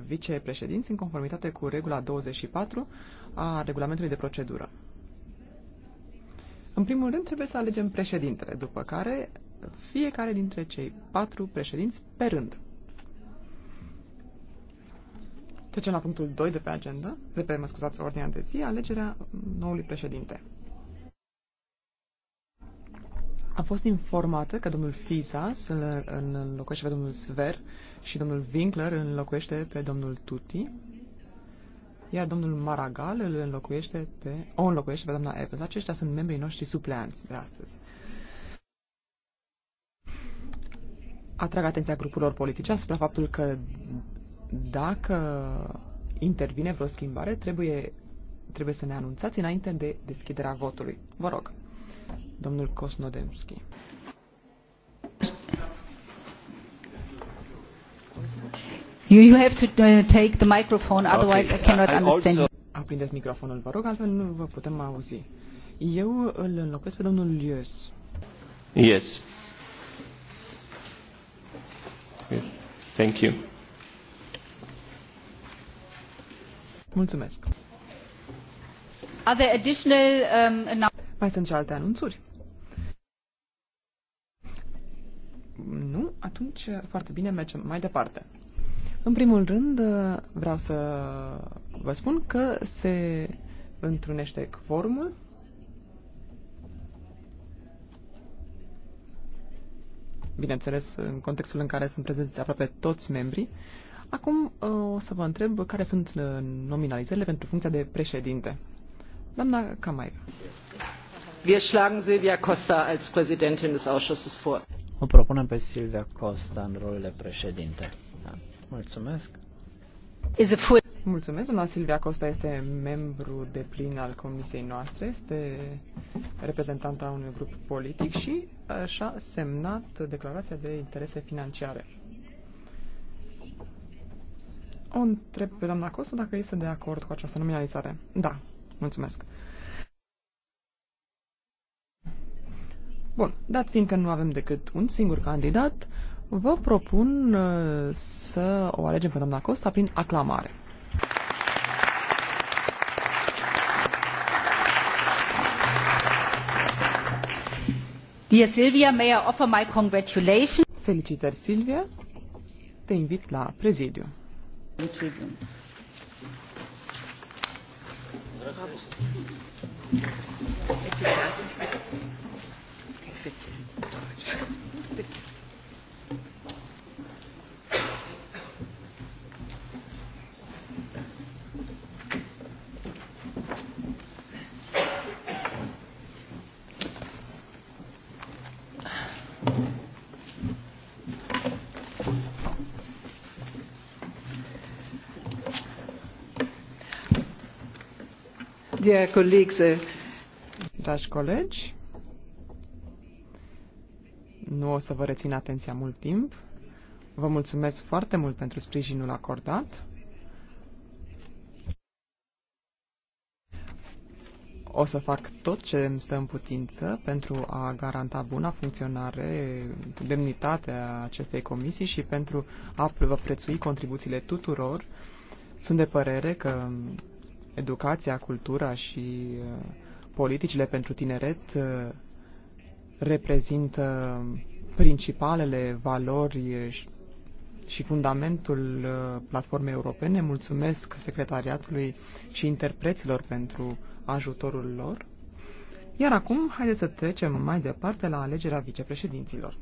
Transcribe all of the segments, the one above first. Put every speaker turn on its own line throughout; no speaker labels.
vicepreședinți în conformitate cu regula 24 a regulamentului de procedură. În primul rând trebuie să alegem președintele, după care fiecare dintre cei patru președinți pe rând. Trecem la punctul 2 de pe agenda, de pe, mă scuzați, ordinea de zi, alegerea noului președinte a fost informată că domnul Fiza îl înlocuiește pe domnul Sver și domnul Winkler înlocuiește pe domnul Tuti, iar domnul Maragal îl înlocuiește pe, o înlocuiește pe doamna Evans. Aceștia sunt membrii noștri supleanți de astăzi. Atrag atenția grupurilor politice asupra faptul că dacă intervine vreo schimbare, trebuie, trebuie să ne anunțați înainte de deschiderea votului. Vă rog domnul Kosnodemski. You, you have to uh, take the microphone, otherwise okay. I cannot I understand also... Aprindeți microfonul, vă rog, altfel nu vă putem auzi. Eu îl înlocuiesc pe domnul Lius. Yes. Thank you. Mulțumesc. Are there additional, um, Mai sunt și alte anunțuri? Atunci, foarte bine, mergem mai departe. În primul rând, vreau să vă spun că se întrunește formă. Bineînțeles, în contextul în care sunt prezenți aproape toți membrii. Acum uh, o să vă întreb care sunt uh, nominalizările pentru funcția de președinte. Doamna Camaiva. Wir schlagen Silvia Costa als Präsidentin des Ausschusses vor. O propunem pe Silvia Costa în rolul de președinte. Da. Mulțumesc. Mulțumesc, doamna Silvia Costa este membru de plin al comisiei noastre, este reprezentanta unui grup politic și uh, și-a semnat declarația de interese financiare. O întreb pe doamna Costa dacă este de acord cu această nominalizare. Da, mulțumesc. Bun, dat fiindcă nu avem decât un singur candidat, vă propun uh, să o alegem pe doamna Costa prin aclamare. Dear Silvia, may I offer my congratulations? Felicitări, Silvia. Te invit la prezidiu. Mulțumim. Dear colleagues, uh, dragi colegi, o să vă rețin atenția mult timp. Vă mulțumesc foarte mult pentru sprijinul acordat. O să fac tot ce îmi stă în putință pentru a garanta buna funcționare, demnitatea acestei comisii și pentru a vă prețui contribuțiile tuturor. Sunt de părere că educația, cultura și uh, politicile pentru tineret uh, reprezintă principalele valori și, fundamentul uh, platformei europene. Mulțumesc secretariatului și interpreților pentru ajutorul lor. Iar acum, haideți să trecem mai departe la alegerea vicepreședinților.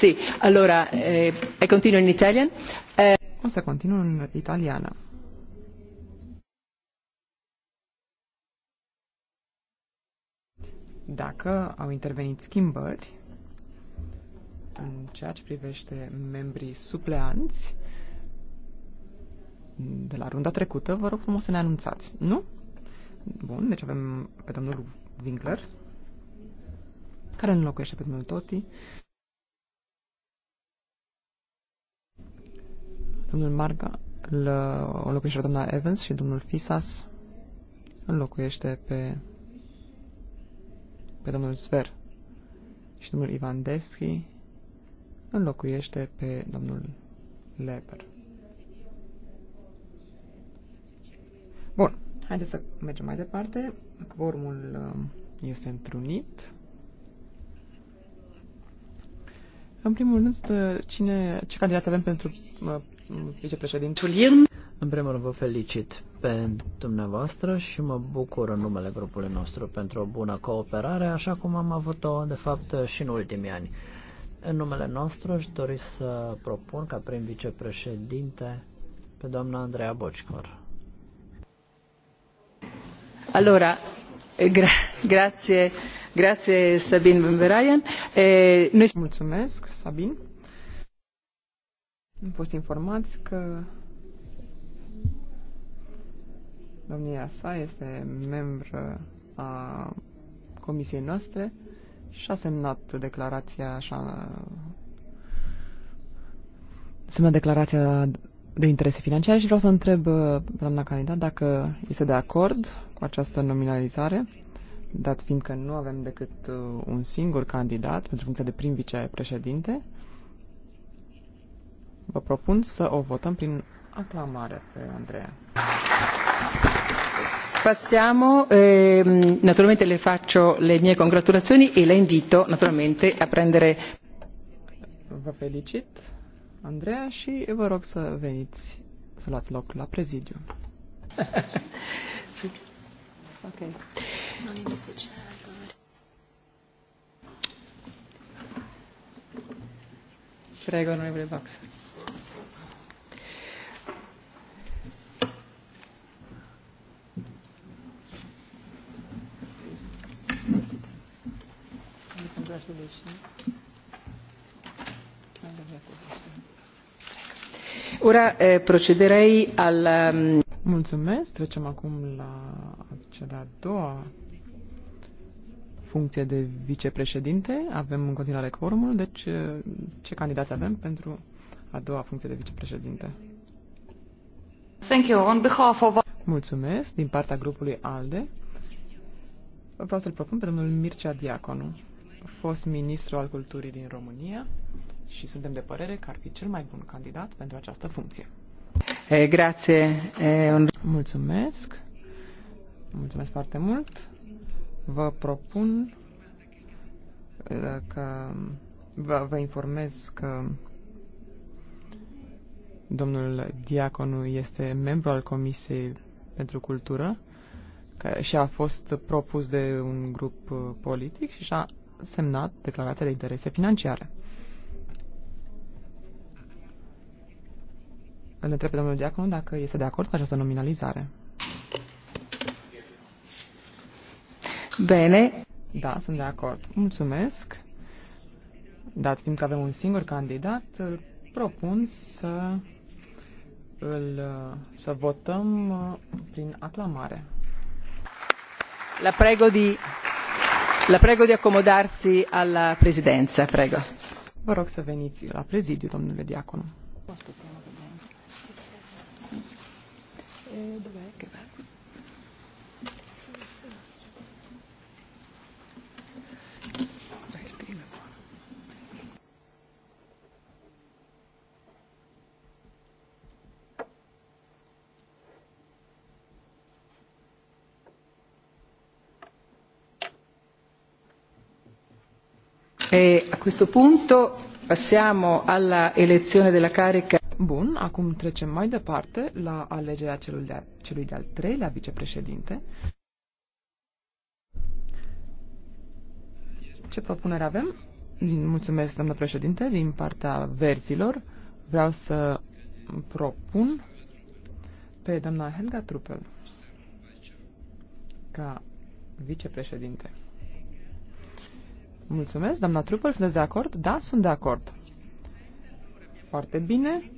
Sì, allora eh,
continuo in italiano. Eh... O să continu în italiană. Dacă au intervenit schimbări în ceea ce privește membrii supleanți de la runda trecută, vă rog frumos să ne anunțați. Nu? Bun, deci avem pe domnul Winkler, care înlocuiește pe domnul Toti. Domnul Marga îl înlocuiește pe doamna Evans și domnul Fisas înlocuiește pe pe domnul Sver și domnul Ivan Deschi înlocuiește pe domnul Leper. Bun, haideți să mergem mai departe. Formul uh, este întrunit. În primul rând, uh, cine, ce candidat avem pentru uh, vicepreședinte? În primul rând vă felicit pe dumneavoastră și mă bucur în numele grupului nostru pentru o bună cooperare, așa cum am avut-o, de fapt, și în ultimii ani. În numele nostru își dori să propun ca prim vicepreședinte pe doamna Andreea Bocicor. Allora, eh, gra grazie, grazie Sabine Bemberaien. E, eh, noi... Mulțumesc, Sabine. Am fost informați că Domnia sa este membră a comisiei noastre și a semnat declarația așa semna declarația de interese financiare și vreau să întreb uh, doamna candidat dacă este de acord cu această nominalizare, dat fiind că nu avem decât uh, un singur candidat pentru funcția de prim vicepreședinte. Vă propun să o votăm prin aclamare pe Andreea. Passiamo, ehm, naturalmente le faccio le mie congratulazioni e la invito naturalmente a prendere. Vă felicit, Andreea, și vă rog să veniți, să luați loc la prezidiu. okay. Prego, onorevole Baxter. Ora eh, procederei al... Ehm, Mulțumesc. Trecem acum la cea de-a doua funcție de vicepreședinte. Avem în continuare quorumul, deci eh, ce candidați avem pentru a doua funcție de vicepreședinte? Thank you. On behalf of... Mulțumesc. Din partea grupului ALDE vreau să-l propun pe domnul Mircea Diaconu fost ministru al culturii din România și suntem de părere că ar fi cel mai bun candidat pentru această funcție. E, eh, grație. E, eh, un... Mulțumesc. Mulțumesc foarte mult. Vă propun eh, că vă, vă informez că domnul Diaconu este membru al Comisiei pentru Cultură și a fost propus de un grup politic și și-a semnat declarația de interese financiare. Îl întreb pe domnul Diaconu dacă este de acord cu această nominalizare. Bine. Da, sunt de acord. Mulțumesc. Dat fiindcă avem un singur candidat, îl propun să, îl, să votăm prin aclamare. La prego di la prego di accomodarsi alla presidenza prego. Vă rog să veniți la prezidiu, domnule Diaconu. a questo punto passiamo alla elezione della carica. Bun, acum trecem mai departe la alegerea celui de-al, celui de-al treilea vicepreședinte. Ce propunere avem? Mulțumesc, domnule președinte, din partea verzilor. Vreau să propun pe doamna Helga Trupel ca vicepreședinte. Mulțumesc, doamna Trupel, sunteți de acord? Da, sunt de acord. Foarte bine.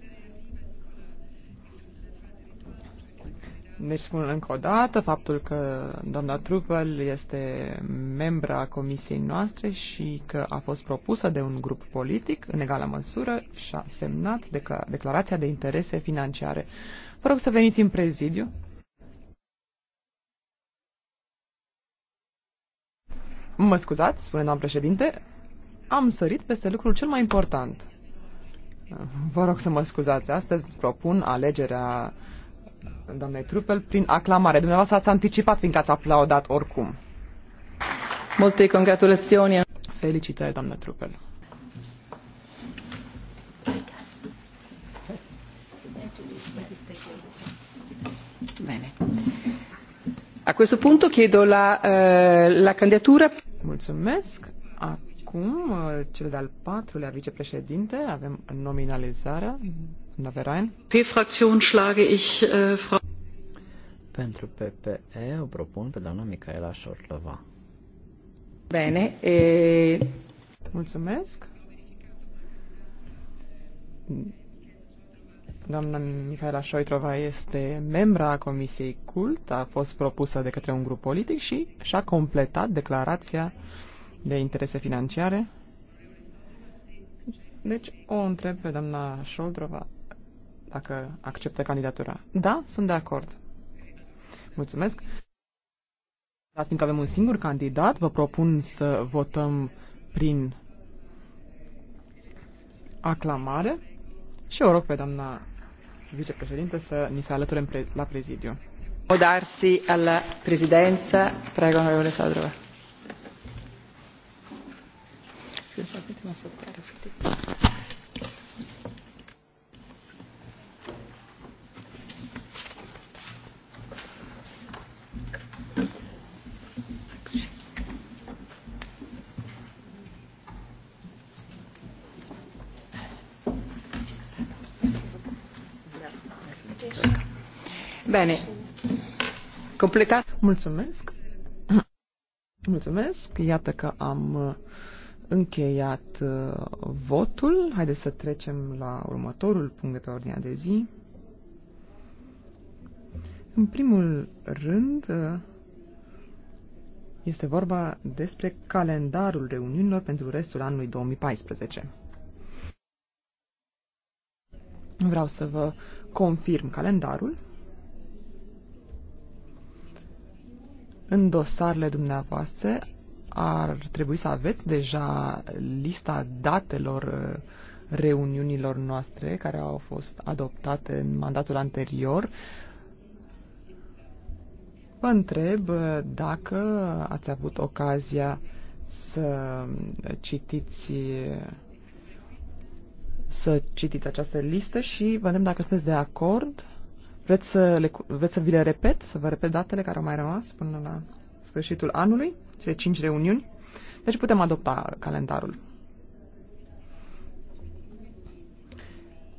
Deci spun încă o dată faptul că doamna Trupel este membra comisiei noastre și că a fost propusă de un grup politic în egală măsură și a semnat declarația de interese financiare. Vă rog să veniți în prezidiu. Mă scuzați, spune doamna președinte, am sărit peste lucrul cel mai important. Vă rog să mă scuzați. Astăzi propun alegerea doamnei Trupel prin aclamare. Dumneavoastră ați anticipat, fiindcă ați aplaudat oricum. Multe congratulațiuni. Felicitări, doamnă Trupel. questo punto chiedo la, uh, la candidatura. Mulțumesc. Acum, eh, cel de-al patrulea vicepreședinte, avem nominalizarea. Naverain. P-fracțiun schlage ich uh, Frau pentru PPE o propun pe doamna Micaela Șorlova. Bine. E... Mulțumesc. Doamna Mihaela Șoitrova este membra a Comisiei CULT, a fost propusă de către un grup politic și și-a completat declarația de interese financiare. Deci o întreb pe doamna Șoitrova dacă acceptă candidatura. Da, sunt de acord. Mulțumesc. Dar fiindcă avem un singur candidat, vă propun să votăm prin aclamare și o rog pe doamna vicepreședinte să ni se alăture la prezidiu. O darsi alla presidenza, prego onorevole Sodrova. Bine. Completat. Mulțumesc. Mulțumesc. Iată că am uh, încheiat uh, votul. Haideți să trecem la următorul punct de pe ordinea de zi. În primul rând, uh, este vorba despre calendarul reuniunilor pentru restul anului 2014. Vreau să vă confirm calendarul. în dosarele dumneavoastră ar trebui să aveți deja lista datelor uh, reuniunilor noastre care au fost adoptate în mandatul anterior. Vă întreb uh, dacă ați avut ocazia să citiți să citiți această listă și vă dacă sunteți de acord Vreți să, le, vreți să vi le repet, să vă repet datele care au mai rămas până la sfârșitul anului, cele cinci reuniuni? Deci putem adopta calendarul.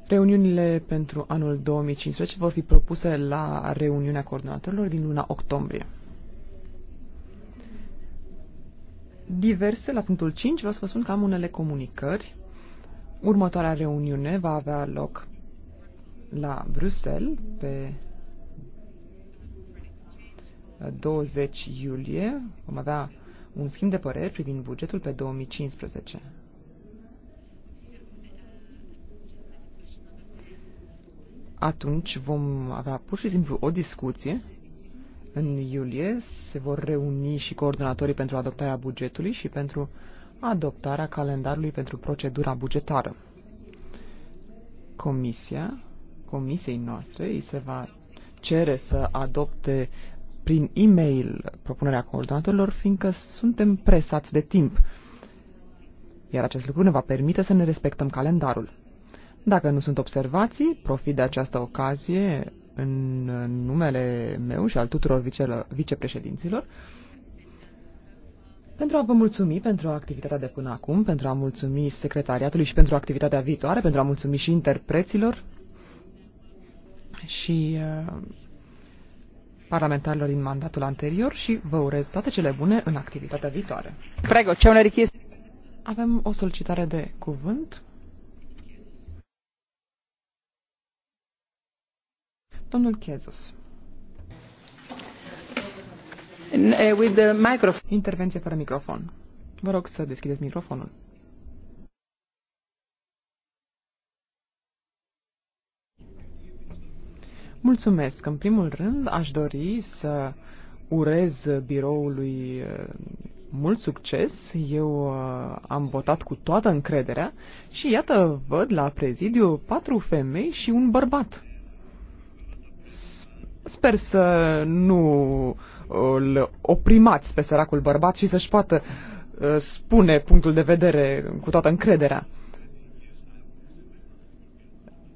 Reuniunile pentru anul 2015 vor fi propuse la reuniunea coordonatorilor din luna octombrie. Diverse, la punctul 5, vreau să vă spun că am unele comunicări. Următoarea reuniune va avea loc la Bruxelles pe 20 uh, iulie. Vom avea un schimb de păreri privind bugetul pe 2015. Atunci vom avea pur și simplu o discuție. În iulie se vor reuni și coordonatorii pentru adoptarea bugetului și pentru adoptarea calendarului pentru procedura bugetară. Comisia comisiei noastre îi se va cere să adopte prin e-mail propunerea coordonatorilor, fiindcă suntem presați de timp. Iar acest lucru ne va permite să ne respectăm calendarul. Dacă nu sunt observații, profit de această ocazie în numele meu și al tuturor vicepreședinților pentru a vă mulțumi pentru activitatea de până acum, pentru a mulțumi secretariatului și pentru activitatea viitoare, pentru a mulțumi și interpreților și uh, parlamentarilor din mandatul anterior și vă urez toate cele bune în activitatea viitoare. Prego, ce un Avem o solicitare de cuvânt. Domnul Chezus. Eh, with the microphone. Intervenție fără microfon. Vă rog să deschideți microfonul. Mulțumesc. În primul rând, aș dori să urez biroului uh, mult succes. Eu uh, am votat cu toată încrederea și iată, văd la prezidiu patru femei și un bărbat. Sper să nu îl oprimați pe săracul bărbat și să-și poată uh, spune punctul de vedere cu toată încrederea.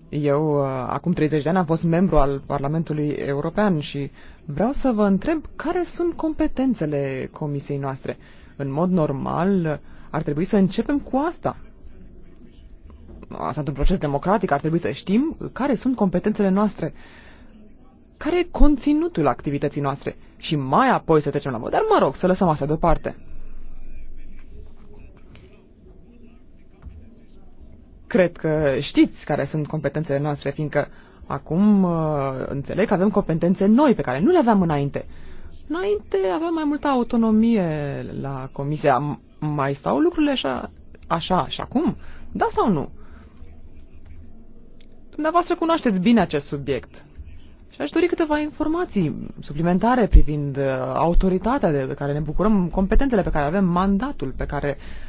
Eu, uh, acum 30 de ani, am fost membru al Parlamentului European și vreau să vă întreb care sunt competențele comisiei noastre. În mod normal, ar trebui să începem cu asta. Asta într-un proces democratic, ar trebui să știm care sunt competențele noastre, care e conținutul activității noastre și mai apoi să trecem la vot. Dar mă rog, să lăsăm asta deoparte. Cred că știți care sunt competențele noastre, fiindcă acum uh, înțeleg că avem competențe noi pe care nu le aveam înainte. Înainte aveam mai multă autonomie la comisia. Mai stau lucrurile așa, așa și acum? Da sau nu? Dumneavoastră cunoașteți bine acest subiect. Și aș dori câteva informații suplimentare privind uh, autoritatea de pe care ne bucurăm, competențele pe care avem, mandatul pe care uh,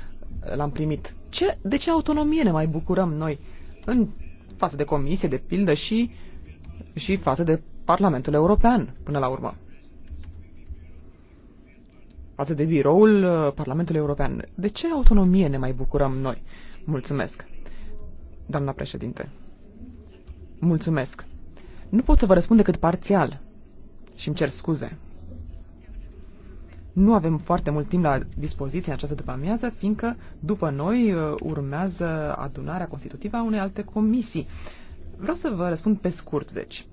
l-am primit. Ce, de ce autonomie ne mai bucurăm noi în față de comisie, de pildă și, și față de Parlamentul European, până la urmă? Față de biroul uh, Parlamentului European. De ce autonomie ne mai bucurăm noi? Mulțumesc, doamna președinte. Mulțumesc. Nu pot să vă răspund decât parțial și îmi cer scuze nu avem foarte mult timp la dispoziție în această după-amiază, fiindcă după noi uh, urmează adunarea constitutivă a unei alte comisii. Vreau să vă răspund pe scurt, deci.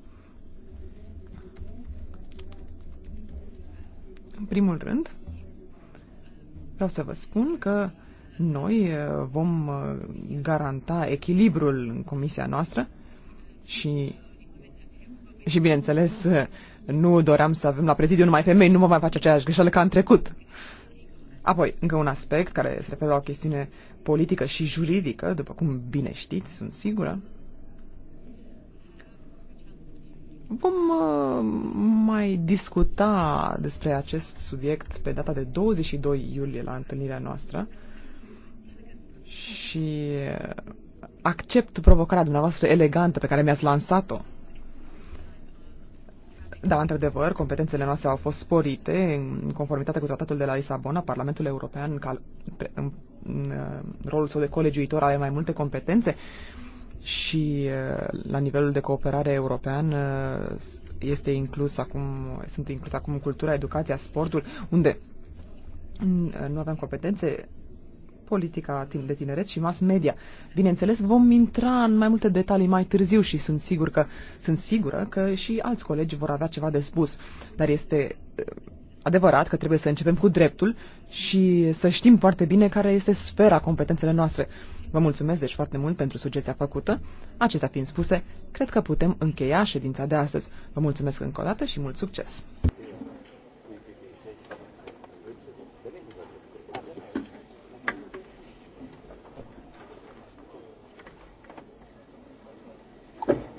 În primul rând, vreau să vă spun că noi uh, vom uh, garanta echilibrul în comisia noastră și, și bineînțeles, nu doream să avem la prezidiu numai femei, nu mă mai face aceeași greșeală ca în trecut. Apoi, încă un aspect care se referă la o chestiune politică și juridică, după cum bine știți, sunt sigură. Vom uh, mai discuta despre acest subiect pe data de 22 iulie la întâlnirea noastră și accept provocarea dumneavoastră elegantă pe care mi-ați lansat-o da, într-adevăr, competențele noastre au fost sporite în conformitate cu tratatul de la Lisabona. Parlamentul European, cal, pe, în, în, uh, rolul său de colegiuitor, are mai multe competențe și uh, la nivelul de cooperare european uh, este inclus acum, sunt inclus acum cultura, educația, sportul, unde nu avem competențe politica timp de tineret și mass media. Bineînțeles, vom intra în mai multe detalii mai târziu și sunt, sigur că, sunt sigură că și alți colegi vor avea ceva de spus. Dar este uh, adevărat că trebuie să începem cu dreptul și să știm foarte bine care este sfera competențele noastre. Vă mulțumesc deci foarte mult pentru sugestia făcută. Acestea fiind spuse, cred că putem încheia ședința de astăzi. Vă mulțumesc încă o dată și mult succes!